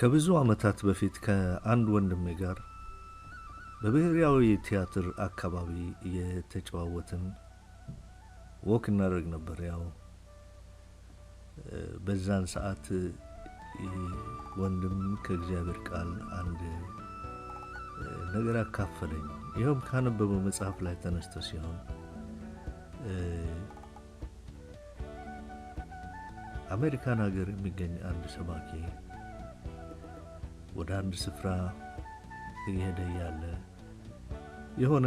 ከብዙ ዓመታት በፊት ከአንድ ወንድሜ ጋር በብሔራዊ ቲያትር አካባቢ እየተጨዋወትን ወክ እናደርግ ነበር። ያው በዛን ሰዓት ወንድም ከእግዚአብሔር ቃል አንድ ነገር አካፈለኝ። ይኸውም ካነበበው መጽሐፍ ላይ ተነስቶ ሲሆን አሜሪካን ሀገር የሚገኝ አንድ ሰባኪ ወደ አንድ ስፍራ እየሄደ እያለ የሆነ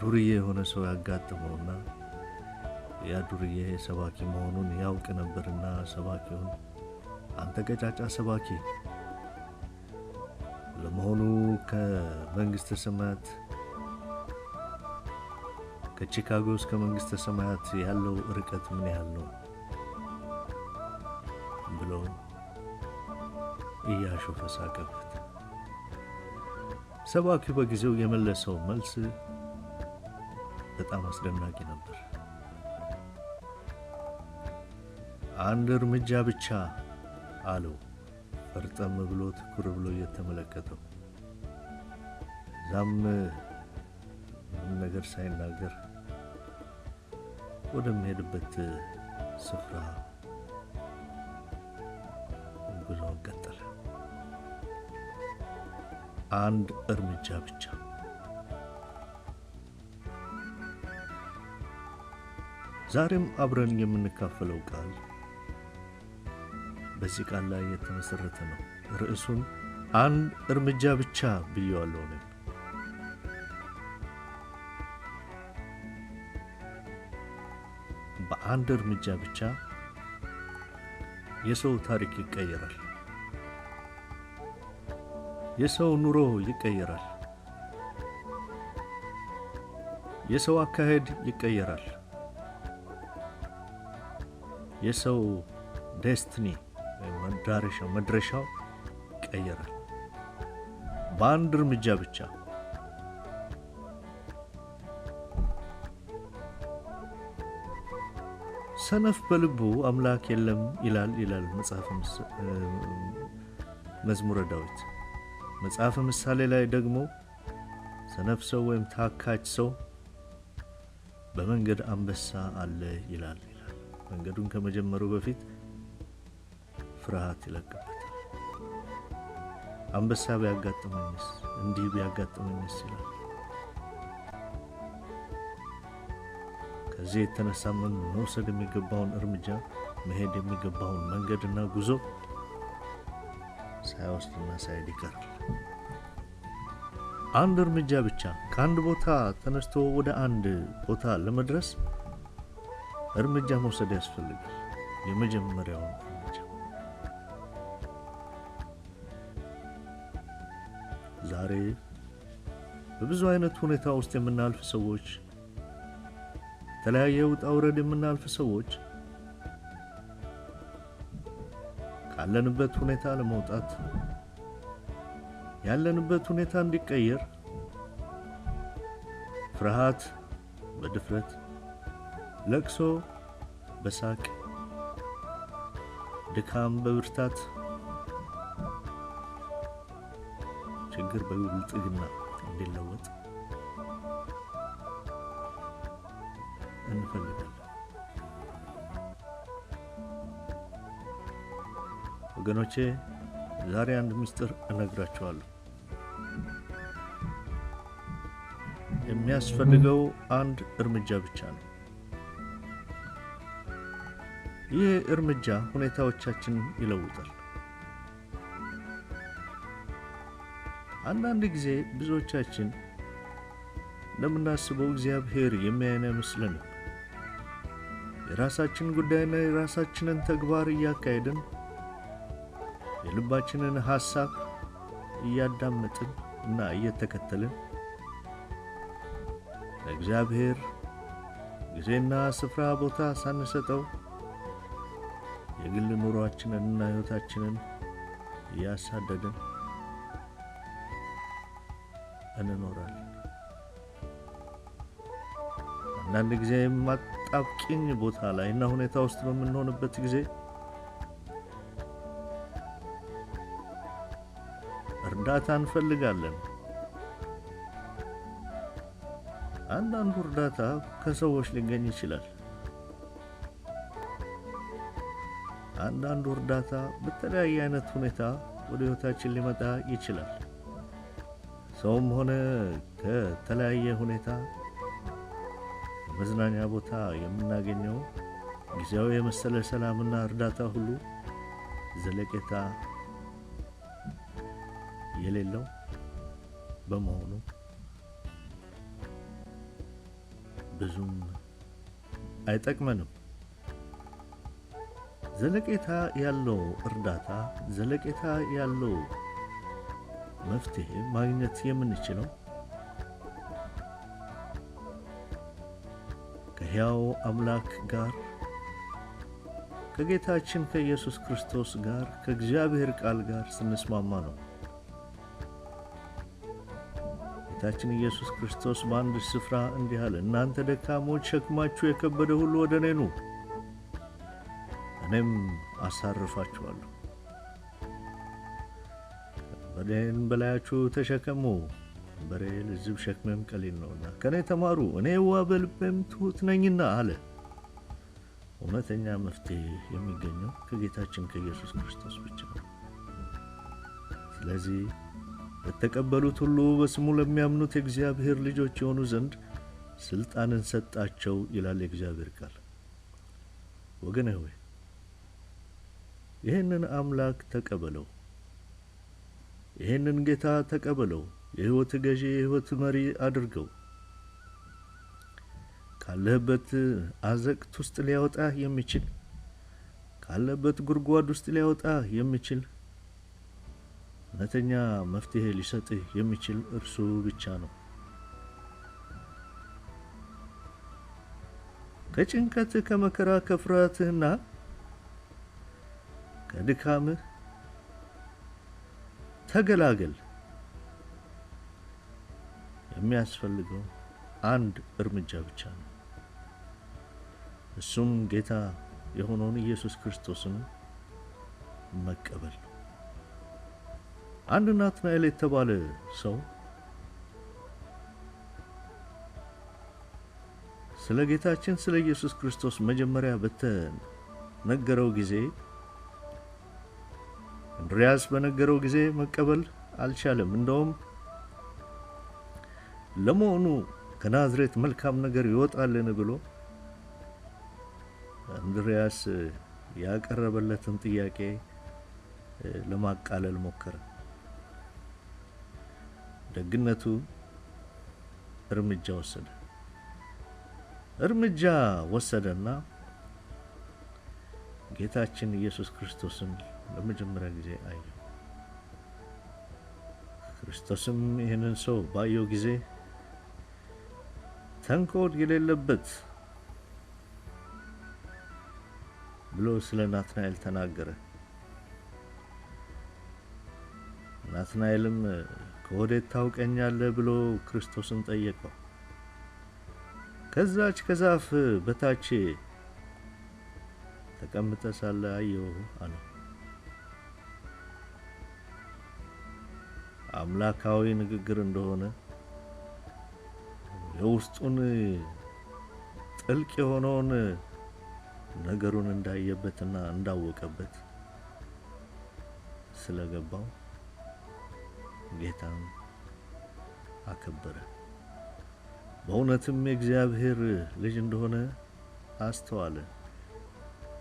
ዱርዬ የሆነ ሰው ያጋጥመውና ያ ዱርዬ ሰባኪ መሆኑን ያውቅ ነበርና ሰባኪውን አንተ ቀጫጫ ሰባኪ ለመሆኑ ከመንግሥተ ሰማያት ከቺካጎ እስከ መንግሥተ ሰማያት ያለው ርቀት ምን ያህል ነው? እያሹ ሳቀበት። ሰባኪው በጊዜው የመለሰው መልስ በጣም አስደናቂ ነበር። አንድ እርምጃ ብቻ አለው፣ ፈርጠም ብሎ ትኩር ብሎ እየተመለከተው እዛም ምንም ነገር ሳይናገር ወደሚሄድበት ስፍራ አንድ እርምጃ ብቻ። ዛሬም አብረን የምንካፈለው ቃል በዚህ ቃል ላይ የተመሠረተ ነው። ርዕሱን አንድ እርምጃ ብቻ ብየዋለሁ ነው። በአንድ እርምጃ ብቻ የሰው ታሪክ ይቀየራል። የሰው ኑሮ ይቀየራል። የሰው አካሄድ ይቀየራል። የሰው ዴስትኒ መዳረሻው መድረሻው ይቀየራል። በአንድ እርምጃ ብቻ ሰነፍ በልቡ አምላክ የለም ይላል ይላል መጽሐፍ መዝሙረ ዳዊት። መጽሐፈ ምሳሌ ላይ ደግሞ ሰነፍ ሰው ወይም ታካች ሰው በመንገድ አንበሳ አለ ይላል ይላል። መንገዱን ከመጀመሩ በፊት ፍርሃት ይለቅበታል። አንበሳ ቢያጋጥመኝስ፣ እንዲህ ቢያጋጥመኝስ ይላል። ከዚህ የተነሳ መውሰድ የሚገባውን እርምጃ መሄድ የሚገባውን መንገድና ጉዞ ሳይወስድና ሳይድቀር አንድ እርምጃ ብቻ ከአንድ ቦታ ተነስቶ ወደ አንድ ቦታ ለመድረስ እርምጃ መውሰድ ያስፈልጋል። የመጀመሪያውን እርምጃ ዛሬ በብዙ አይነት ሁኔታ ውስጥ የምናልፍ ሰዎች፣ የተለያየ ውጣ ውረድ የምናልፍ ሰዎች ካለንበት ሁኔታ ለመውጣት ያለንበት ሁኔታ እንዲቀየር ፍርሃት በድፍረት ለቅሶ በሳቅ ድካም በብርታት ችግር በብልጽግና እንዲለወጥ እንፈልግ ወገኖቼ ዛሬ አንድ ምስጢር እነግራችኋለሁ። የሚያስፈልገው አንድ እርምጃ ብቻ ነው። ይህ እርምጃ ሁኔታዎቻችን ይለውጣል። አንዳንድ ጊዜ ብዙዎቻችን እንደምናስበው እግዚአብሔር የሚያየን አይመስለንም። የራሳችን ጉዳይና የራሳችንን ተግባር እያካሄድን የልባችንን ሐሳብ እያዳመጥን እና እየተከተልን ለእግዚአብሔር ጊዜና ስፍራ ቦታ ሳንሰጠው የግል ኑሯችንን እና ሕይወታችንን እያሳደድን እንኖራለን። አንዳንድ ጊዜ አጣብቂኝ ቦታ ላይ እና ሁኔታ ውስጥ በምንሆንበት ጊዜ እርዳታ እንፈልጋለን። አንዳንዱ እርዳታ ከሰዎች ሊገኝ ይችላል። አንዳንዱ እርዳታ በተለያየ አይነት ሁኔታ ወደ ሕይወታችን ሊመጣ ይችላል። ሰውም ሆነ ከተለያየ ሁኔታ መዝናኛ ቦታ የምናገኘው ጊዜያዊ የመሰለ ሰላምና እርዳታ ሁሉ ዘለቄታ የሌለው በመሆኑ ብዙም አይጠቅመንም። ዘለቄታ ያለው እርዳታ፣ ዘለቄታ ያለው መፍትሄ ማግኘት የምንችለው ከሕያው አምላክ ጋር ከጌታችን ከኢየሱስ ክርስቶስ ጋር ከእግዚአብሔር ቃል ጋር ስንስማማ ነው። ጌታችን ኢየሱስ ክርስቶስ በአንድ ስፍራ እንዲህ አለ፣ እናንተ ደካሞች ሸክማችሁ የከበደ ሁሉ ወደ እኔ ኑ፣ እኔም አሳርፋችኋለሁ። በደህን በላያችሁ ተሸከሙ፣ በሬ ልዝብ ሸክምም ቀሊል ነውና፣ ከእኔ ተማሩ፣ እኔ ዋ በልቤም ትሑት ነኝና አለ። እውነተኛ መፍትሄ የሚገኘው ከጌታችን ከኢየሱስ ክርስቶስ ብቻ ነው። ስለዚህ በተቀበሉት ሁሉ በስሙ ለሚያምኑት የእግዚአብሔር ልጆች የሆኑ ዘንድ ሥልጣንን ሰጣቸው ይላል የእግዚአብሔር ቃል። ወገን ሆይ ይህንን አምላክ ተቀበለው። ይህንን ጌታ ተቀበለው። የሕይወት ገዢ፣ የሕይወት መሪ አድርገው። ካለህበት አዘቅት ውስጥ ሊያወጣህ የሚችል ካለበት ጉድጓድ ውስጥ ሊያወጣህ የሚችል እውነተኛ መፍትሄ ሊሰጥህ የሚችል እርሱ ብቻ ነው። ከጭንቀትህ፣ ከመከራ፣ ከፍርሃትህና ከድካምህ ተገላገል። የሚያስፈልገው አንድ እርምጃ ብቻ ነው። እሱም ጌታ የሆነውን ኢየሱስ ክርስቶስን መቀበል ነው። አንድ ናትናኤል የተባለ ሰው ስለ ጌታችን ስለ ኢየሱስ ክርስቶስ መጀመሪያ በተነገረው ጊዜ እንድሪያስ በነገረው ጊዜ መቀበል አልቻለም። እንደውም ለመሆኑ ከናዝሬት መልካም ነገር ይወጣልን ብሎ እንድሪያስ ያቀረበለትን ጥያቄ ለማቃለል ሞከረ። ደግነቱ እርምጃ ወሰደ። እርምጃ ወሰደና ጌታችን ኢየሱስ ክርስቶስን ለመጀመሪያ ጊዜ አየ። ክርስቶስም ይህንን ሰው ባየው ጊዜ ተንኮድ የሌለበት ብሎ ስለ ናትናኤል ተናገረ። ናትናኤልም ከወዴት ታውቀኛለህ ብሎ ክርስቶስን ጠየቀው። ከዛች ከዛፍ በታች ተቀምጠ ሳለ አየሁ አለ። አምላካዊ ንግግር እንደሆነ የውስጡን ጥልቅ የሆነውን ነገሩን እንዳየበትና እንዳወቀበት ስለገባው ጌታም አከበረ። በእውነትም የእግዚአብሔር ልጅ እንደሆነ አስተዋለ።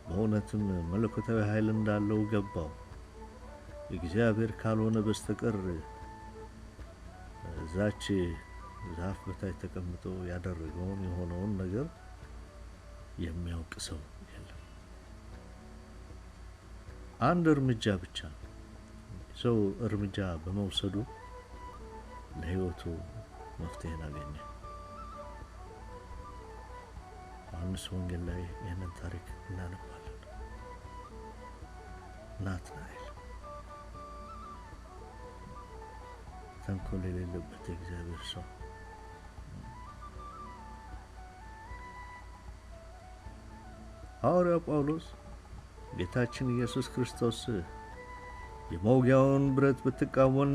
በእውነትም መለኮታዊ ኃይል እንዳለው ገባው። እግዚአብሔር ካልሆነ በስተቀር እዛች ዛፍ በታች ተቀምጦ ያደረገውን የሆነውን ነገር የሚያውቅ ሰው የለም። አንድ እርምጃ ብቻ ነው። ሰው እርምጃ በመውሰዱ ለህይወቱ መፍትሄን አገኘ። ዮሐንስ ወንጌል ላይ ይህንን ታሪክ እናነባለን። ናትናኤል ተንኮል የሌለበት የእግዚአብሔር ሰው ሐዋርያው ጳውሎስ ጌታችን ኢየሱስ ክርስቶስ የመውጊያውን ብረት ብትቃወን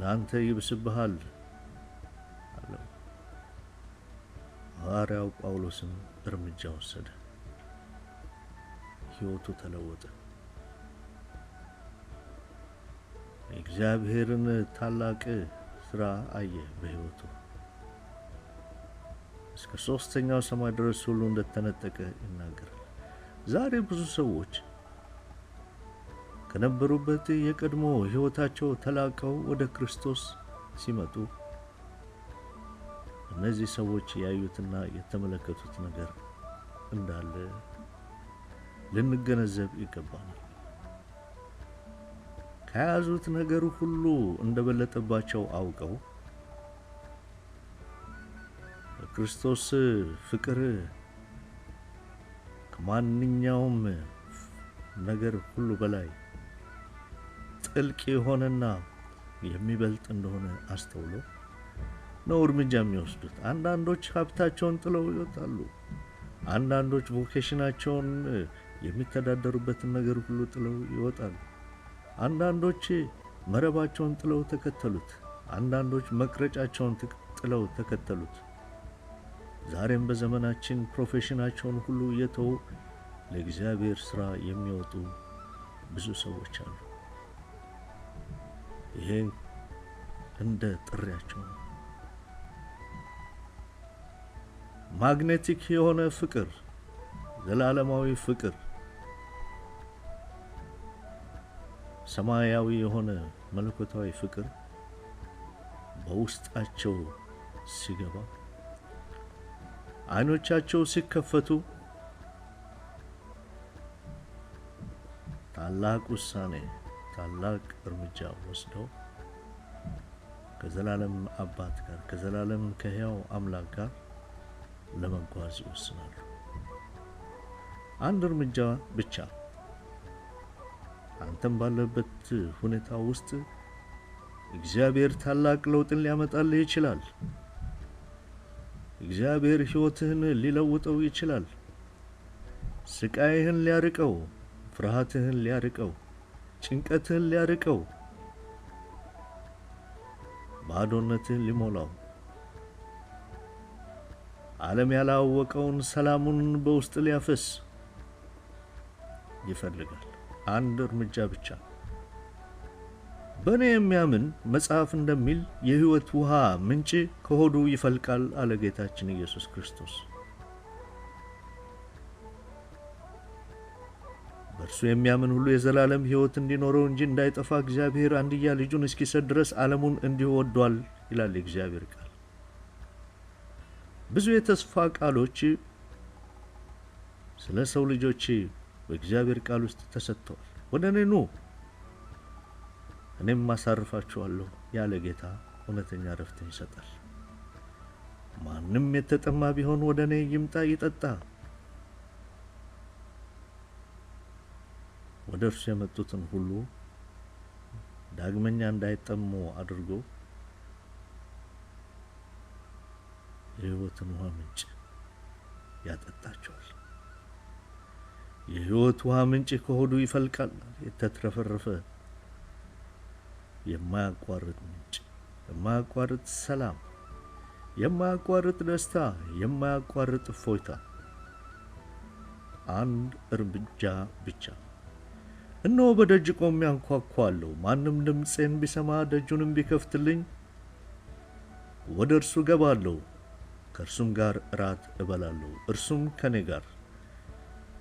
ለአንተ ይብስብሃል አለው። ሐዋርያው ጳውሎስም እርምጃ ወሰደ፣ ሕይወቱ ተለወጠ። የእግዚአብሔርን ታላቅ ሥራ አየ በሕይወቱ እስከ ሦስተኛው ሰማይ ድረስ ሁሉ እንደተነጠቀ ይናገራል። ዛሬ ብዙ ሰዎች ከነበሩበት የቀድሞ ሕይወታቸው ተላቀው ወደ ክርስቶስ ሲመጡ እነዚህ ሰዎች ያዩትና የተመለከቱት ነገር እንዳለ ልንገነዘብ ይገባናል። ከያዙት ነገር ሁሉ እንደበለጠባቸው አውቀው በክርስቶስ ፍቅር ከማንኛውም ነገር ሁሉ በላይ ጥልቅ የሆነና የሚበልጥ እንደሆነ አስተውሎ ነው እርምጃ የሚወስዱት። አንዳንዶች ሀብታቸውን ጥለው ይወጣሉ። አንዳንዶች ቮኬሽናቸውን የሚተዳደሩበትን ነገር ሁሉ ጥለው ይወጣሉ። አንዳንዶች መረባቸውን ጥለው ተከተሉት። አንዳንዶች መቅረጫቸውን ጥለው ተከተሉት። ዛሬም በዘመናችን ፕሮፌሽናቸውን ሁሉ እየተው ለእግዚአብሔር ሥራ የሚወጡ ብዙ ሰዎች አሉ። ይሄ እንደ ጥሪያቸው ነው። ማግኔቲክ የሆነ ፍቅር፣ ዘላለማዊ ፍቅር፣ ሰማያዊ የሆነ መለኮታዊ ፍቅር በውስጣቸው ሲገባ አይኖቻቸው ሲከፈቱ ታላቅ ውሳኔ ታላቅ እርምጃ ወስደው ከዘላለም አባት ጋር ከዘላለም ከህያው አምላክ ጋር ለመጓዝ ይወስናሉ። አንድ እርምጃ ብቻ። አንተም ባለበት ሁኔታ ውስጥ እግዚአብሔር ታላቅ ለውጥን ሊያመጣልህ ይችላል። እግዚአብሔር ሕይወትህን ሊለውጠው ይችላል። ስቃይህን ሊያርቀው፣ ፍርሃትህን ሊያርቀው ጭንቀትን ሊያርቀው ባዶነትን ሊሞላው ዓለም ያላወቀውን ሰላሙን በውስጥ ሊያፈስ ይፈልጋል። አንድ እርምጃ ብቻ። በእኔ የሚያምን መጽሐፍ እንደሚል የሕይወት ውሃ ምንጭ ከሆዱ ይፈልቃል አለ ጌታችን ኢየሱስ ክርስቶስ። በእርሱ የሚያምን ሁሉ የዘላለም ሕይወት እንዲኖረው እንጂ እንዳይጠፋ እግዚአብሔር አንድያ ልጁን እስኪሰጥ ድረስ ዓለሙን እንዲሁ ወዷል ይላል የእግዚአብሔር ቃል። ብዙ የተስፋ ቃሎች ስለ ሰው ልጆች በእግዚአብሔር ቃል ውስጥ ተሰጥተዋል። ወደ እኔ ኑ እኔም ማሳርፋችኋለሁ ያለ ጌታ እውነተኛ ረፍትን ይሰጣል። ማንም የተጠማ ቢሆን ወደ እኔ ይምጣ ይጠጣ ወደ እርሱ የመጡትን ሁሉ ዳግመኛ እንዳይጠሙ አድርጎ የሕይወትን ውሃ ምንጭ ያጠጣቸዋል። የሕይወት ውሃ ምንጭ ከሆዱ ይፈልቃል። የተትረፈረፈ የማያቋርጥ ምንጭ፣ የማያቋርጥ ሰላም፣ የማያቋርጥ ደስታ፣ የማያቋርጥ እፎይታ አንድ እርምጃ ብቻ እነሆ በደጅ ቆም ያንኳኳለሁ ማንም ድምፄን ቢሰማ ደጁንም ቢከፍትልኝ ወደ እርሱ ገባለሁ፣ ከእርሱም ጋር እራት እበላለሁ፣ እርሱም ከኔ ጋር።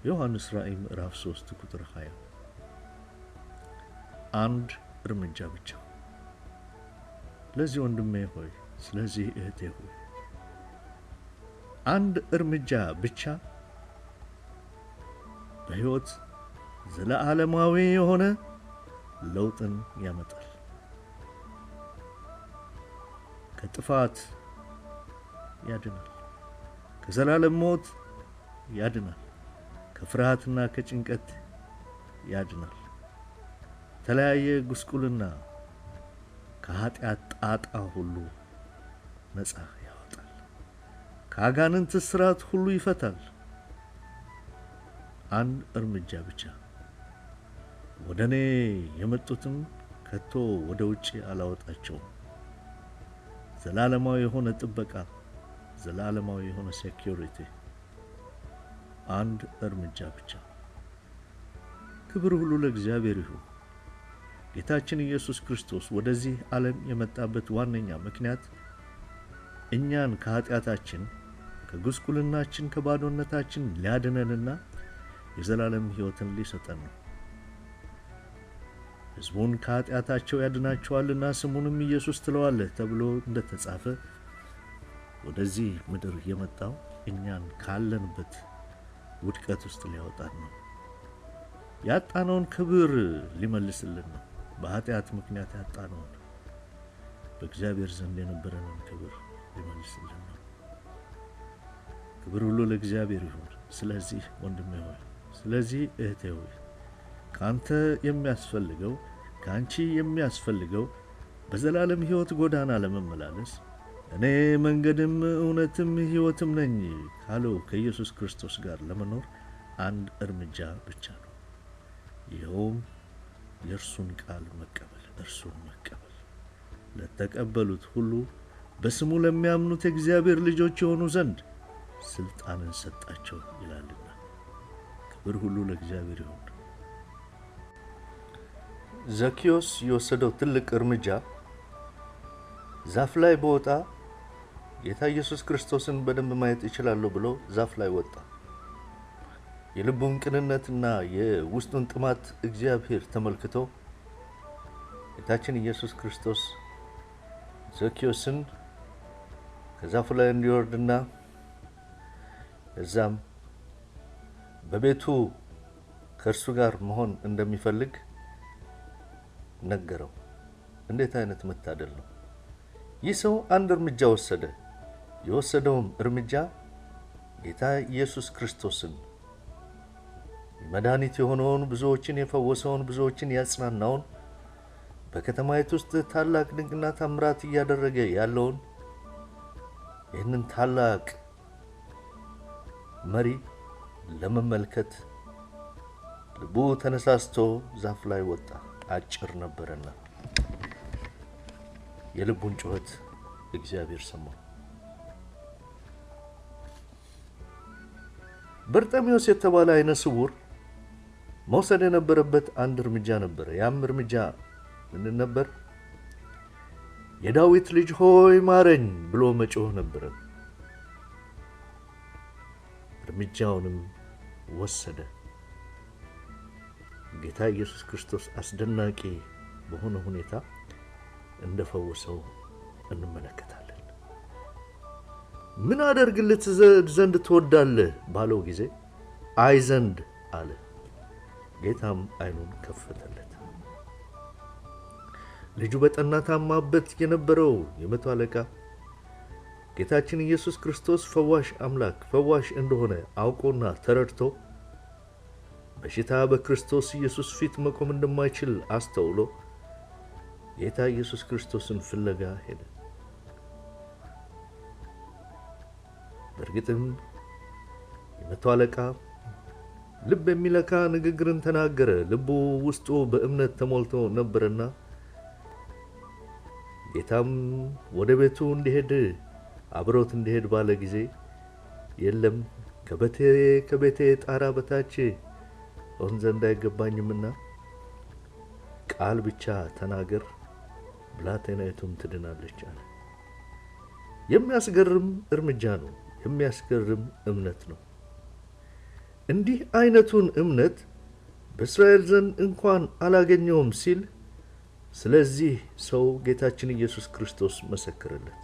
ዮሐንስ ራእይ ምዕራፍ 3 ቁጥር 20። አንድ እርምጃ ብቻ። ለዚህ ወንድሜ ሆይ፣ ስለዚህ እህቴ ሆይ አንድ እርምጃ ብቻ በሕይወት ዘለዓለማዊ የሆነ ለውጥን ያመጣል። ከጥፋት ያድናል። ከዘላለም ሞት ያድናል። ከፍርሃትና ከጭንቀት ያድናል። የተለያየ ጉስቁልና ከኃጢአት ጣጣ ሁሉ ነጻ ያወጣል። ከአጋንንት ስርዓት ሁሉ ይፈታል። አንድ እርምጃ ብቻ ወደ እኔ የመጡትም ከቶ ወደ ውጭ አላወጣቸውም። ዘላለማዊ የሆነ ጥበቃ፣ ዘላለማዊ የሆነ ሴኪሪቲ፣ አንድ እርምጃ ብቻ። ክብር ሁሉ ለእግዚአብሔር ይሁን። ጌታችን ኢየሱስ ክርስቶስ ወደዚህ ዓለም የመጣበት ዋነኛ ምክንያት እኛን ከኀጢአታችን፣ ከጉስቁልናችን፣ ከባዶነታችን ሊያድነንና የዘላለም ሕይወትን ሊሰጠን ነው። ሕዝቡን ከኃጢአታቸው ያድናቸዋልና ስሙንም ኢየሱስ ትለዋለህ ተብሎ እንደ ተጻፈ ወደዚህ ምድር የመጣው እኛን ካለንበት ውድቀት ውስጥ ሊያወጣን ነው። ያጣነውን ክብር ሊመልስልን ነው። በኃጢአት ምክንያት ያጣነውን በእግዚአብሔር ዘንድ የነበረንን ክብር ሊመልስልን ነው። ክብር ሁሉ ለእግዚአብሔር ይሁን። ስለዚህ ወንድሜ ሆይ፣ ስለዚህ እህቴ ሆይ ካንተ የሚያስፈልገው ካንቺ የሚያስፈልገው በዘላለም ሕይወት ጎዳና ለመመላለስ እኔ መንገድም እውነትም ሕይወትም ነኝ ካለው ከኢየሱስ ክርስቶስ ጋር ለመኖር አንድ እርምጃ ብቻ ነው። ይኸውም የእርሱን ቃል መቀበል፣ እርሱን መቀበል። ለተቀበሉት ሁሉ በስሙ ለሚያምኑት የእግዚአብሔር ልጆች የሆኑ ዘንድ ሥልጣንን ሰጣቸው ይላልና። ክብር ሁሉ ለእግዚአብሔር ይሁን። ዘኪዮስ የወሰደው ትልቅ እርምጃ ዛፍ ላይ በወጣ ጌታ ኢየሱስ ክርስቶስን በደንብ ማየት እችላለሁ ብሎ ዛፍ ላይ ወጣ። የልቡን ቅንነትና የውስጡን ጥማት እግዚአብሔር ተመልክቶ ጌታችን ኢየሱስ ክርስቶስ ዘኪዮስን ከዛፉ ላይ እንዲወርድና እዛም በቤቱ ከእርሱ ጋር መሆን እንደሚፈልግ ነገረው። እንዴት አይነት መታደል ነው! ይህ ሰው አንድ እርምጃ ወሰደ። የወሰደውም እርምጃ ጌታ ኢየሱስ ክርስቶስን መድኃኒት የሆነውን ብዙዎችን የፈወሰውን ብዙዎችን ያጽናናውን በከተማይት ውስጥ ታላቅ ድንቅና ታምራት እያደረገ ያለውን ይህንን ታላቅ መሪ ለመመልከት ልቡ ተነሳስቶ ዛፍ ላይ ወጣ። አጭር ነበረና የልቡን ጩኸት እግዚአብሔር ሰማ። በርጤሜዎስ የተባለ አይነ ስውር መውሰድ የነበረበት አንድ እርምጃ ነበረ። ያም እርምጃ ምን ነበር? የዳዊት ልጅ ሆይ ማረኝ ብሎ መጮህ ነበረ። እርምጃውንም ወሰደ። ጌታ ኢየሱስ ክርስቶስ አስደናቂ በሆነ ሁኔታ እንደፈወሰው እንመለከታለን። ምን አደርግልት ዘንድ ትወዳለህ ባለው ጊዜ አይ ዘንድ አለ። ጌታም አይኑን ከፈተለት። ልጁ በጠና ታማበት የነበረው የመቶ አለቃ ጌታችን ኢየሱስ ክርስቶስ ፈዋሽ አምላክ ፈዋሽ እንደሆነ አውቆና ተረድቶ በሽታ በክርስቶስ ኢየሱስ ፊት መቆም እንደማይችል አስተውሎ ጌታ ኢየሱስ ክርስቶስን ፍለጋ ሄደ። በእርግጥም የመቶ አለቃ ልብ የሚለካ ንግግርን ተናገረ። ልቡ ውስጡ በእምነት ተሞልቶ ነበርና ጌታም ወደ ቤቱ እንዲሄድ አብሮት እንዲሄድ ባለ ጊዜ የለም ከቤቴ ከቤቴ ጣራ በታች እሆን ዘንድ አይገባኝምና ቃል ብቻ ተናገር ብላቴናይቱም ትድናለች አለ። የሚያስገርም እርምጃ ነው። የሚያስገርም እምነት ነው። እንዲህ አይነቱን እምነት በእስራኤል ዘንድ እንኳን አላገኘውም ሲል ስለዚህ ሰው ጌታችን ኢየሱስ ክርስቶስ መሰክርለት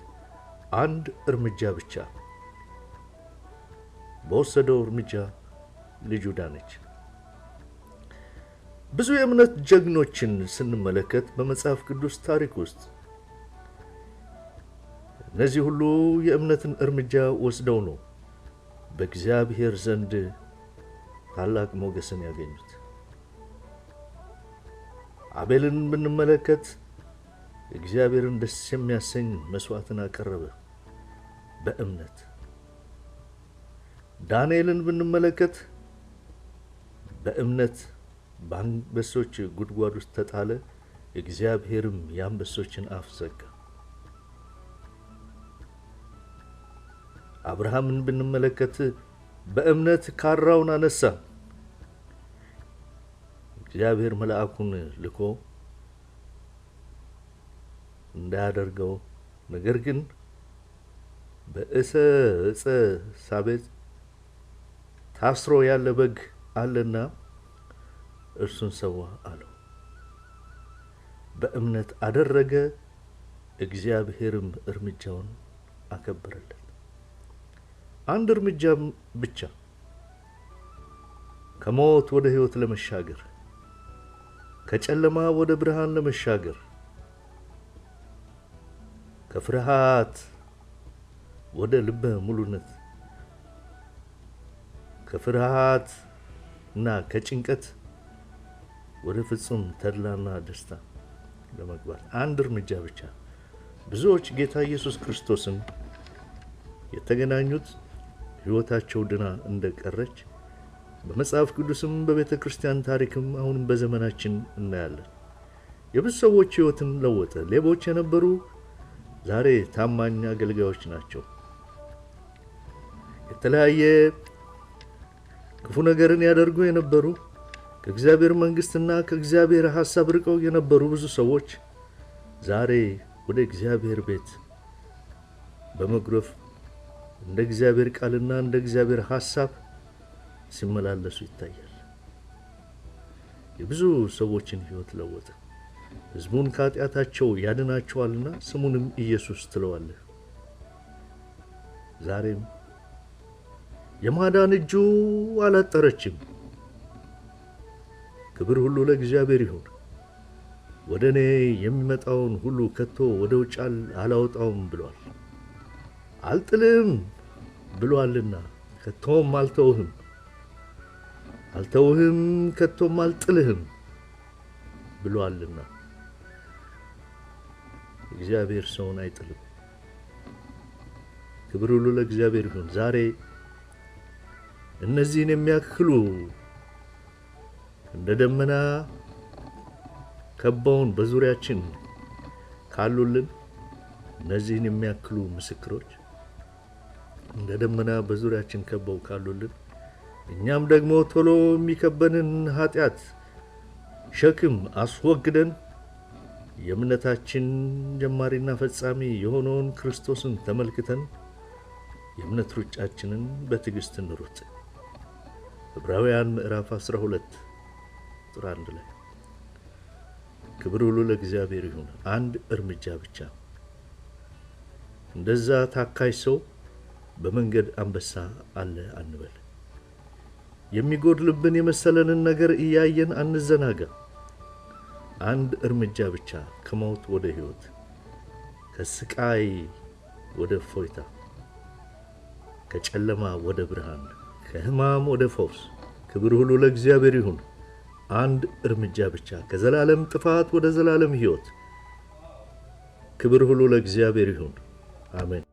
አንድ እርምጃ ብቻ በወሰደው እርምጃ ልጁ ዳነች። ብዙ የእምነት ጀግኖችን ስንመለከት በመጽሐፍ ቅዱስ ታሪክ ውስጥ እነዚህ ሁሉ የእምነትን እርምጃ ወስደው ነው በእግዚአብሔር ዘንድ ታላቅ ሞገስን ያገኙት። አቤልን ብንመለከት እግዚአብሔርን ደስ የሚያሰኝ መሥዋዕትን አቀረበ በእምነት። ዳንኤልን ብንመለከት በእምነት በአንበሶች ጉድጓድ ውስጥ ተጣለ። እግዚአብሔርም የአንበሶችን አፍ ዘጋ። አብርሃምን ብንመለከት በእምነት ካራውን አነሳ። እግዚአብሔር መልአኩን ልኮ እንዳያደርገው ነገር ግን በእሰ እፀ ሳቤጥ ታስሮ ያለ በግ አለና እርሱን ሰዋ አለው። በእምነት አደረገ፣ እግዚአብሔርም እርምጃውን አከበረለት። አንድ እርምጃም ብቻ ከሞት ወደ ሕይወት ለመሻገር ከጨለማ ወደ ብርሃን ለመሻገር ከፍርሃት ወደ ልበ ሙሉነት ከፍርሃት እና ከጭንቀት ወደ ፍጹም ተድላና ደስታ ለመግባት አንድ እርምጃ ብቻ። ብዙዎች ጌታ ኢየሱስ ክርስቶስን የተገናኙት ሕይወታቸው ድና እንደቀረች በመጽሐፍ ቅዱስም በቤተ ክርስቲያን ታሪክም አሁንም በዘመናችን እናያለን። የብዙ ሰዎች ሕይወትን ለወጠ። ሌቦች የነበሩ ዛሬ ታማኝ አገልጋዮች ናቸው። የተለያየ ክፉ ነገርን ያደርጉ የነበሩ ከእግዚአብሔር መንግሥትና ከእግዚአብሔር ሐሳብ ርቀው የነበሩ ብዙ ሰዎች ዛሬ ወደ እግዚአብሔር ቤት በመጉረፍ እንደ እግዚአብሔር ቃልና እንደ እግዚአብሔር ሐሳብ ሲመላለሱ ይታያል። የብዙ ሰዎችን ሕይወት ለወጠ። ሕዝቡን ከኃጢአታቸው ያድናቸዋልና ስሙንም ኢየሱስ ትለዋለህ። ዛሬም የማዳን እጁ አላጠረችም። ክብር ሁሉ ለእግዚአብሔር ይሁን። ወደ እኔ የሚመጣውን ሁሉ ከቶ ወደ ውጭ አላወጣውም ብሏል። አልጥልም ብሏልና ከቶም አልተውህም አልተውህም ከቶም አልጥልህም ብሏልና እግዚአብሔር ሰውን አይጥልም። ክብር ሁሉ ለእግዚአብሔር ይሁን። ዛሬ እነዚህን የሚያክሉ እንደ ደመና ከበውን በዙሪያችን ካሉልን እነዚህን የሚያክሉ ምስክሮች እንደ ደመና በዙሪያችን ከበው ካሉልን እኛም ደግሞ ቶሎ የሚከበንን ኃጢአት ሸክም አስወግደን የእምነታችን ጀማሪና ፈጻሚ የሆነውን ክርስቶስን ተመልክተን የእምነት ሩጫችንን በትዕግሥት እንሩጥ። ዕብራውያን ምዕራፍ 12 ቁጥር አንድ ላይ ክብር ሁሉ ለእግዚአብሔር ይሁን። አንድ እርምጃ ብቻ። እንደዛ ታካይ ሰው በመንገድ አንበሳ አለ አንበል። የሚጎድልብን የመሰለንን ነገር እያየን አንዘናጋ። አንድ እርምጃ ብቻ ከሞት ወደ ሕይወት፣ ከስቃይ ወደ እፎይታ፣ ከጨለማ ወደ ብርሃን፣ ከሕማም ወደ ፈውስ። ክብር ሁሉ ለእግዚአብሔር ይሁን። አንድ እርምጃ ብቻ ከዘላለም ጥፋት ወደ ዘላለም ሕይወት። ክብር ሁሉ ለእግዚአብሔር ይሁን፣ አሜን።